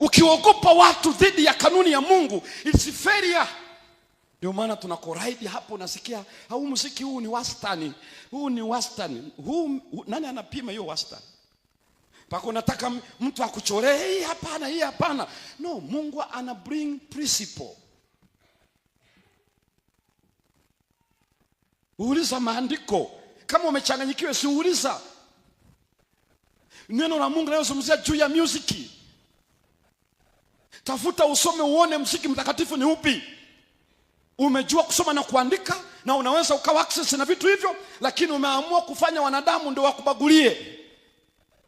Ukiogopa watu dhidi ya kanuni ya Mungu it's failure. Ndio maana tunakoraidi hapo, unasikia au muziki huu ni wastani, huu ni wastani, huu nani anapima hiyo wastani? Paka unataka mtu akuchoree hii, hapana, hii hapana. No, Mungu ana bring principle. Uuliza maandiko kama umechanganyikiwa, si uuliza neno la Mungu linalozungumzia juu ya musiki Tafuta usome, uone msiki mtakatifu ni upi. Umejua kusoma na kuandika na unaweza ukawa access na vitu hivyo, lakini umeamua kufanya wanadamu ndio wakubagulie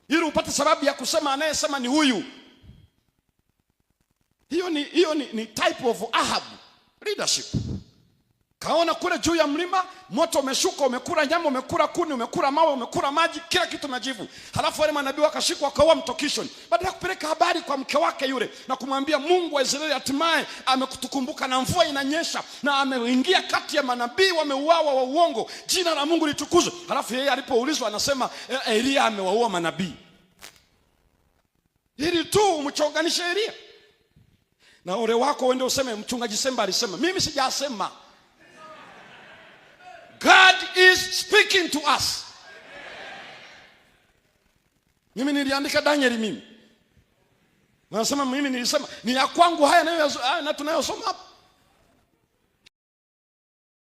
ili upate sababu ya kusema anayesema ni huyu. Hiyo ni, hiyo ni, ni type of Ahab leadership. Kaona kule juu ya mlima moto umeshuka, umekula nyama, umekula kuni, umekula mawe, umekula maji, kila kitu majivu. Halafu wale manabii wakashikwa, wakaua mtokishon. baada ya kupeleka habari kwa mke wake yule na kumwambia Mungu wa Israeli hatimaye amekutukumbuka, na mvua inanyesha, na ameingia kati ya manabii wameuawa wa uongo, jina la Mungu litukuzwe. Halafu yeye alipoulizwa anasema e, Elia amewaua manabii. Hili tu umchonganishe Elia na ule wako, uende useme mchungaji Semba alisema. Mimi sijasema is speaking to us. Mimi niliandika Danieli mimi. Nasema mimi nilisema ni ya kwangu haya na tunayosoma hapa.